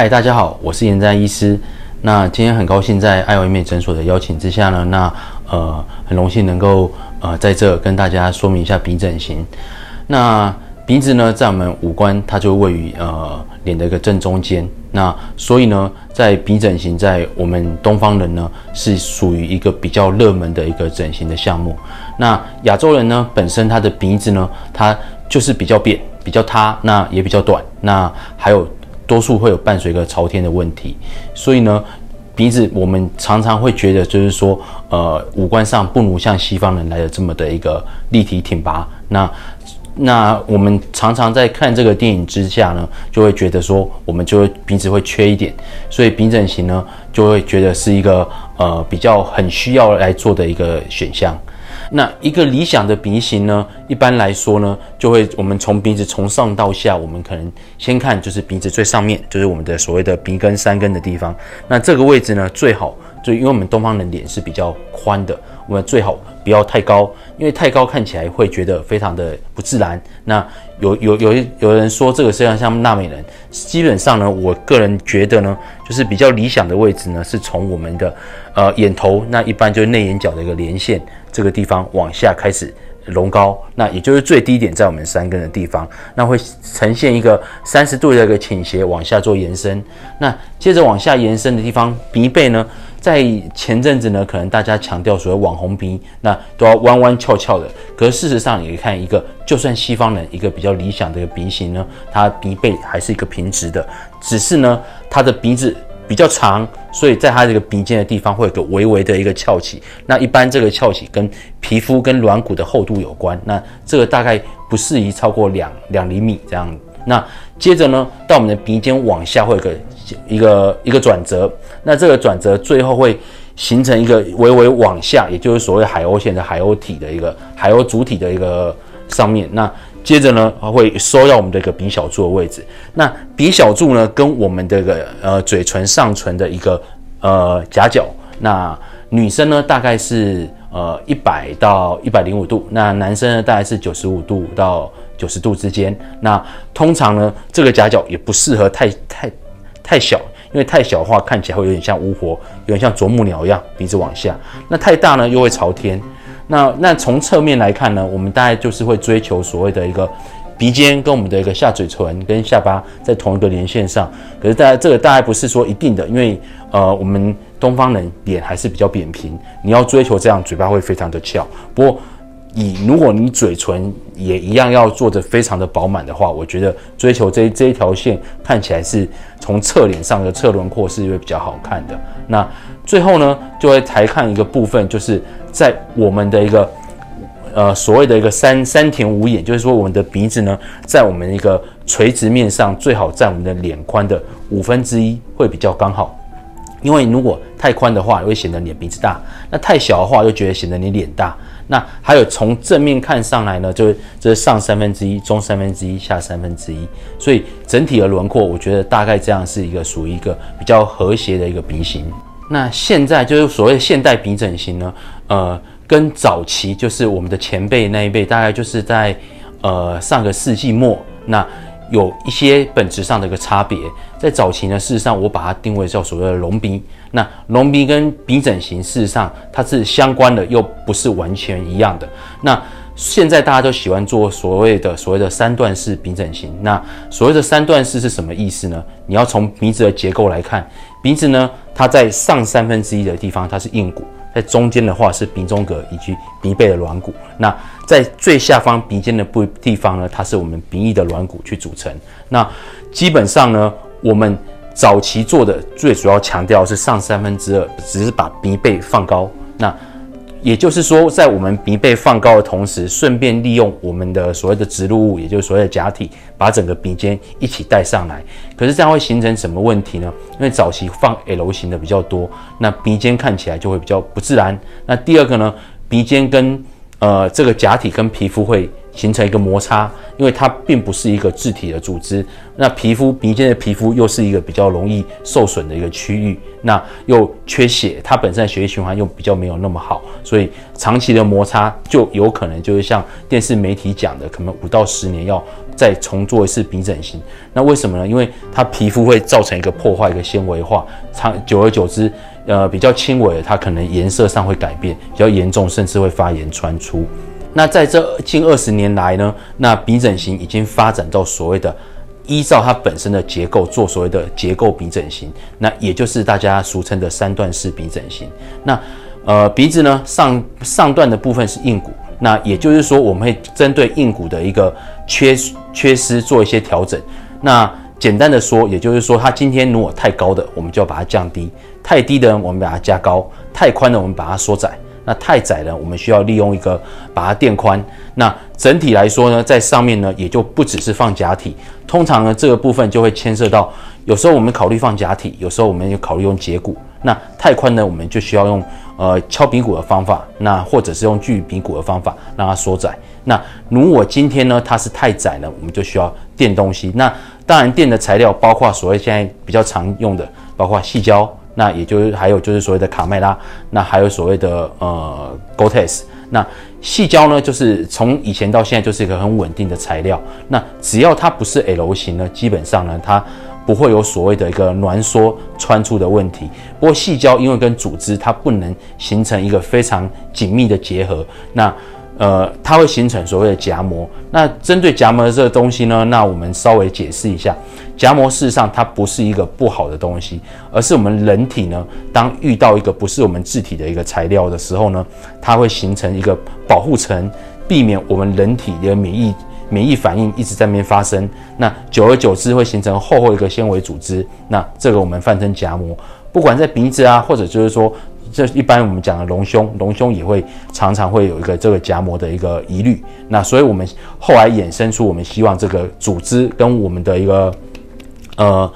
嗨，大家好，我是顏正安醫師。那今天很高興在愛惟美診所的邀請之下呢，那呃很榮幸能夠呃在這跟大家說明一下鼻整形。那鼻子呢，在我們五官它就位於呃臉的一個正中間。那所以呢，在鼻整形在我們東方人呢是屬於一個比較熱門的一個整形的項目。那亞洲人呢本身他的鼻子呢它就是比較扁，比較塌，那也比較短，那還有，多數會有伴隨個朝天的問題，所以呢，鼻子我們常常會覺得就是說，呃，五官上不如像西方人來的這麼的一個立體挺拔。那那我們常常在看這個電影之下呢，就會覺得說，我們就會鼻子會缺一點，所以鼻整形呢，就會覺得是一個呃比較很需要來做的一個選項。那一個理想的鼻型呢？一般來說呢，就會我們從鼻子從上到下，我們可能先看就是鼻子最上面，就是我們的所謂的鼻根山根的地方。那這個位置呢，最好就因為我們東方人臉是比較寬的，我們最好不要太高，因為太高看起來會覺得非常的不自然。那有有有有人說這個實際上像納美人，基本上呢，我個人覺得呢，就是比較理想的位置呢，是從我們的呃眼頭，那一般就是內眼角的一個連線。這個地方往下開始隆高，那也就是最低點在我們山根的地方，那會呈現一個三十度的一個傾斜往下做延伸。那接着往下延伸的地方鼻背呢，在前陣子呢，可能大家強調所謂網紅鼻，那都要彎彎翹翹的。可事實上，你可以看一個，就算西方人一個比較理想的鼻型呢，他鼻背還是一個平直的，只是呢，他的鼻子，比較長，所以在它這個鼻尖的地方會有個微微的一個翹起。那一般這個翹起跟皮膚跟軟骨的厚度有關。那這個大概不適宜超過兩兩釐米這樣。那接着呢，到我們的鼻尖往下會有個一個一個轉折。那這個轉折最後會形成一個微微往下，也就是所謂海鷗線的海鷗體的一個海鷗主體的一個上面。那接着呢，它會收到我們的一個鼻小柱的位置。那鼻小柱呢，跟我們的一個呃嘴唇上唇的一個呃夾角。那女生呢，大概是呃一百到一百零五度。那男生呢，大概是九十五度到九十度之間。那通常呢，這個夾角也不適合太太太小，因為太小的話看起來會有點像巫婆，有點像啄木鳥一樣鼻子往下。那太大呢，又會朝天。那那從側面來看呢，我們大概就是會追求所謂的一個鼻尖跟我們的一個下嘴唇跟下巴在同一個連線上，可是大家這個大概不是說一定的，因為呃我們東方人臉還是比較扁平，你要追求這樣嘴巴會非常的翹，不過。以，如果你嘴唇也一樣要做得非常的飽滿的話，我覺得追求這這一條線看起來是從側臉上的側輪廓是會比較好看的。那最後呢，就會抬看一個部分，就是在我們的一個呃所謂的一個三三庭五眼，就是說我們的鼻子呢，在我們一個垂直面上最好佔我們的臉寬的五分之一會比較剛好，因為如果太寬的話會顯得你的鼻子大，那太小的話又覺得顯得你臉大。那還有從正面看上來呢，就是這是上三分之一、中三分之一、下三分之一，所以整體的輪廓，我覺得大概這樣是一個屬於一個比較和諧的一個鼻型。那現在就是所謂的現代鼻整形呢，呃，跟早期就是我們的前輩那一輩，大概就是在，呃，上個世紀末，那有一些本質上的一個差別。在早期呢，事實上我把它定位叫所謂的隆鼻。那隆鼻跟鼻整形事實上它是相關的，又不是完全一樣的。那現在大家都喜歡做所謂的所謂的三段式鼻整形。那所謂的三段式是什麼意思呢？你要從鼻子的結構來看，鼻子呢，它在上三分之一的地方它是硬骨，在中間的話是鼻中隔以及鼻背的軟骨。那在最下方鼻尖的部地方呢，它是我們鼻翼的軟骨去組成。那基本上呢，我們。早期做的最主要強調是上三分之二，只是把鼻背放高。那也就是說，在我們鼻背放高的同時，順便利用我們的所謂的植入物，也就是所謂的假體，把整個鼻尖一起帶上來。可是這樣會形成什麼問題呢？因為早期放 L 型的比較多，那鼻尖看起來就會比較不自然。那第二個呢，鼻尖跟呃這個假體跟皮膚會形成一個摩擦。因為它並不是一個自體的組織，那皮膚鼻尖的皮膚又是一個比較容易受損的一個區域，那又缺血，它本身的血液循環又比較沒有那麼好，所以長期的摩擦就有可能就是像電視媒體講的，可能五到十年要再重做一次鼻整形。那為什麼呢？因為它皮膚會造成一個破壞，一個纖維化，長久而久之，呃，比較輕微的它可能顏色上會改變，比較嚴重甚至會發炎穿出。那在這近二十年來呢，那鼻整形已經發展到所謂的依照它本身的結構做所謂的結構鼻整形，那也就是大家俗稱的三段式鼻整形。那呃鼻子，呢上上段的部分是硬骨，那也就是說我們會針對硬骨的一個缺缺失做一些調整。那簡單的說，也就是說它今天如果太高的，我們就要把它降低；太低的，我們把它加高；太寬的，我們把它縮窄。那太窄了，我們需要利用一個把它墊寬。那整體來說呢，在上面呢也就不只是放假體，通常呢這個部分就會牽涉到，有時候我們考慮放假體，有時候我們也考慮用截骨。那太寬呢，我們就需要用呃敲鼻骨的方法，那或者是用鋸鼻骨的方法讓它縮窄。那如果今天呢它是太窄呢，我們就需要墊東西。那當然墊的材料包括所謂現在比較常用的，包括矽膠。那也就是還有就是所謂的卡麥拉，那還有所謂的呃 Gore-Tex，那矽膠呢，就是從以前到現在就是一個很穩定的材料。那只要它不是 L 型呢，基本上呢它不會有所謂的一個攣縮穿出的問題。不過矽膠因為跟組織它不能形成一個非常緊密的結合，那。呃，它會形成所謂的夾膜。那針對夾膜的這個東西呢，那我們稍微解釋一下，夾膜事實上它不是一個不好的東西，而是我們人體呢，當遇到一個不是我們自體的一個材料的時候呢，它會形成一個保護層，避免我們人體的免疫免疫反應一直在那邊發生。那久而久之會形成厚厚一個纖維組織。那這個我們泛稱夾膜，不管在鼻子啊，或者就是說。這一般我們講的隆胸，隆胸也會常常會有一個這個莢膜的一個疑慮，那所以我們後來衍生出我們希望這個組織跟我們的一個，呃。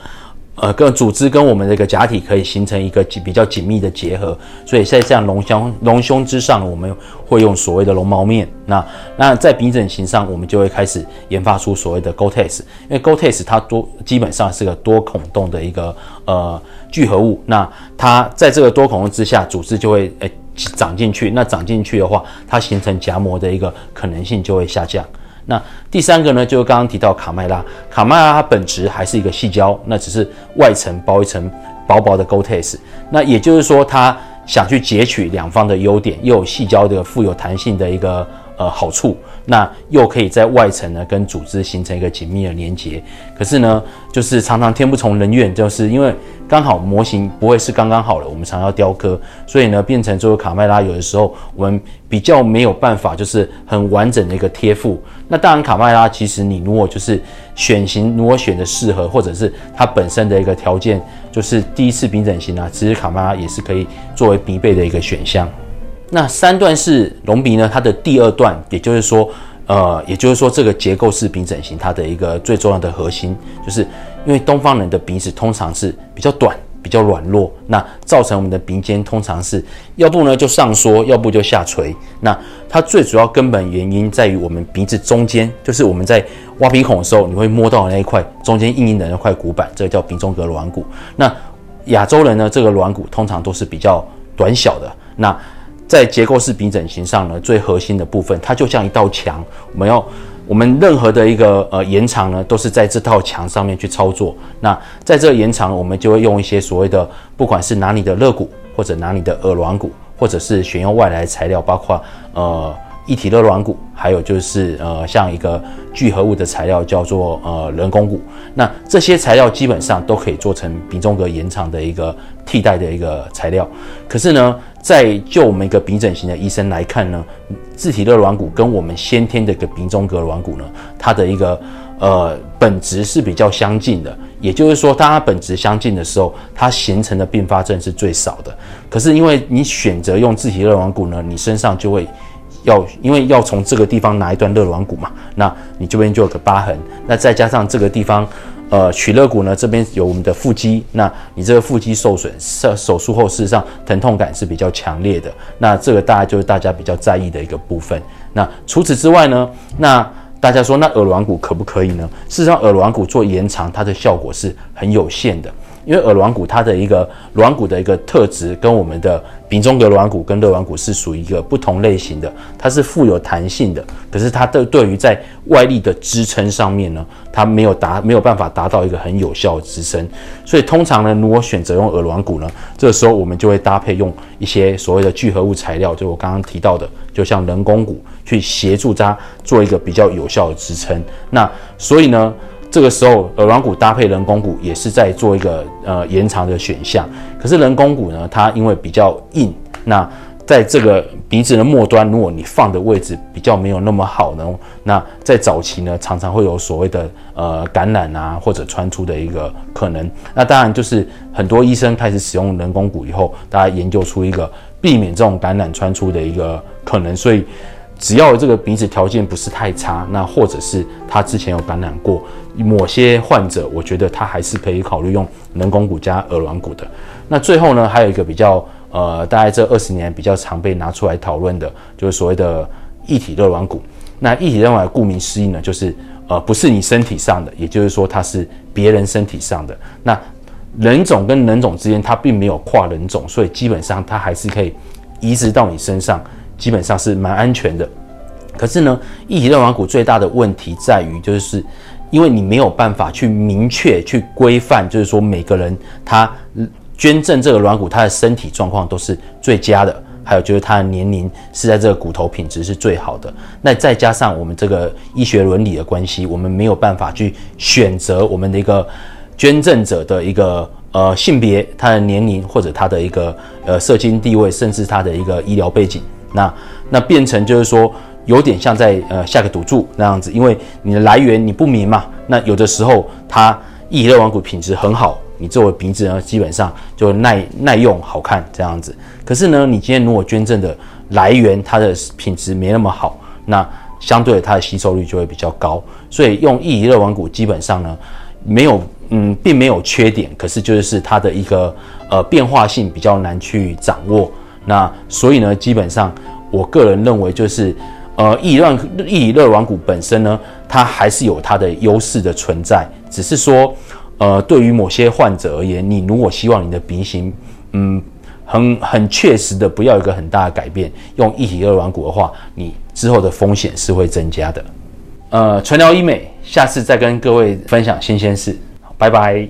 呃，跟組織跟我們這個假體可以形成一個比較緊密的結合，所以在這樣隆胸隆胸之上，我們會用所謂的絨毛面。那那在鼻整形上，我們就會開始研發出所謂的 Gore-Tex，因為 Gore-Tex 它多基本上是個多孔洞的一個呃聚合物。那它在這個多孔洞之下，組織就會誒、欸、長進去。那長進去的話，它形成夾膜的一個可能性就會下降。那第三個呢，就剛剛提到卡麥拉，卡麥拉它本質還是一個矽膠，那只是外層包一層薄薄的 Gore-Tex 那也就是說它想去截取兩方的優點，又有矽膠的富有彈性的一個呃好處。那又可以在外層呢，跟組織形成一個緊密的連接。可是呢，就是常常天不從人願，就是因為剛好模型不會是剛剛好的，我們常要雕刻，所以呢，變成作為卡麥拉，有的時候我們比較沒有辦法，就是很完整的一個貼附。那當然，卡麥拉其實你如果就是選型，如果選的適合，或者是它本身的一個條件，就是第一次鼻整形啊，其實卡麥拉也是可以作為必備的一個選項。那三段式隆鼻呢？它的第二段，也就是說，呃，也就是說這個結構式鼻整形，它的一個最重要的核心，就是因為東方人的鼻子，通常是比較短、比較軟弱，那造成我們的鼻尖通常是，要不呢就上縮，要不就下垂。那它最主要根本原因在於我們鼻子中間，就是我們在挖鼻孔的時候，你會摸到的那一塊中間硬硬的那塊骨板，這個叫鼻中隔軟骨。那亞洲人呢，這個軟骨通常都是比較短小的。那在結構式鼻整形上呢，最核心的部分，它就像一道牆，我們要我們任何的一個呃延長呢，都是在這套牆上面去操作。那在這個延長，我們就會用一些所謂的，不管是拿你的肋骨，或者拿你的耳軟骨，或者是選用外來材料，包括呃。一體肋軟骨還有就是呃，像一個聚合物的材料叫做呃人工骨。那這些材料基本上都可以做成鼻中隔延長的一個替代的一個材料。可是呢，在就我們一個鼻整形的醫生來看呢，自體肋軟骨跟我們先天的一個鼻中隔軟骨呢，它的一個呃本質是比較相近的。也就是說，當它本質相近的時候，它形成的併發症是最少的。可是因為你選擇用自體肋軟骨呢，你身上就會。要，因為要從這個地方拿一段肋軟骨嘛。那你這邊就有個疤痕，那再加上這個地方，呃，取肋骨呢，這邊有我們的腹肌，那你這個腹肌受損，手手術後事實上疼痛感是比較強烈的，那這個大家就是大家比較在意的一個部分。那除此之外呢，那大家說那耳軟骨可不可以呢？事實上耳軟骨做延長，它的效果是很有限的。因為耳軟骨它的一個軟骨的一個特質，跟我們的鼻中隔軟骨跟肋軟骨是屬於一個不同類型的，它是富有彈性的，可是它對對於在外力的支撐上面呢，它沒有達沒有辦法達到一個很有效的支撐，所以通常呢，如果選擇用耳軟骨呢，這個時候我們就會搭配用一些所謂的聚合物材料，就我剛剛提到的，就像人工骨去協助它做一個比較有效的支撐。那所以呢？這個時候，耳軟骨搭配人工骨也是在做一個呃延長的選項。可是人工骨呢，它因為比較硬，那在這個鼻子的末端，如果你放的位置比較沒有那麼好呢，那在早期呢，常常會有所謂的呃感染啊，或者穿出的一個可能。那當然就是很多醫生開始使用人工骨以後，大家研究出一個避免這種感染穿出的一個可能，所以，只要這個鼻子條件不是太差，那或者是他之前有感染過某些患者，我覺得他還是可以考慮用人工骨加耳軟骨的。那最後呢，還有一個比較呃，大概這二十年比較常被拿出來討論的，就是所謂的異體肋軟骨。那異體肋軟骨顧名思義呢，就是呃不是你身體上的，也就是說它是別人身體上的。那人種跟人種之間它並沒有跨人種，所以基本上它還是可以移植到你身上。基本上是蠻安全的，可是呢，異體軟骨最大的問題在於，就是因為你沒有辦法去明確去規範，就是說每個人他捐贈這個軟骨，他的身體狀況都是最佳的，還有就是他的年齡是在這個骨頭品質是最好的。那再加上我們這個醫學倫理的關係，我們沒有辦法去選擇我們的一個捐贈者的一個呃性別、他的年齡或者他的一個呃社經地位，甚至他的一個醫療背景。那那變成就是說，有點像在呃下個賭注那樣子，因為你的來源你不明嘛。那有的時候它異體肋軟骨品質很好，你作為鼻子呢基本上就耐耐用、好看這樣子。可是呢，你今天如果捐贈的來源它的品質沒那麼好，那相對的，它的吸收率就會比較高。所以用異體肋軟骨基本上呢沒有嗯並沒有缺點，可是就是它的一個呃變化性比較難去掌握。那所以呢，基本上我個人認為就是，呃，異體肋異體肋軟骨，本身呢，它還是有它的優勢的存在，只是說，呃，對於某些患者而言，你如果希望你的鼻型，嗯，很很確實的不要有一個很大的改變，用異體肋軟骨的話，你之後的風險是會增加的。呃，淳聊醫美，下次再跟各位分享新鮮事，拜拜。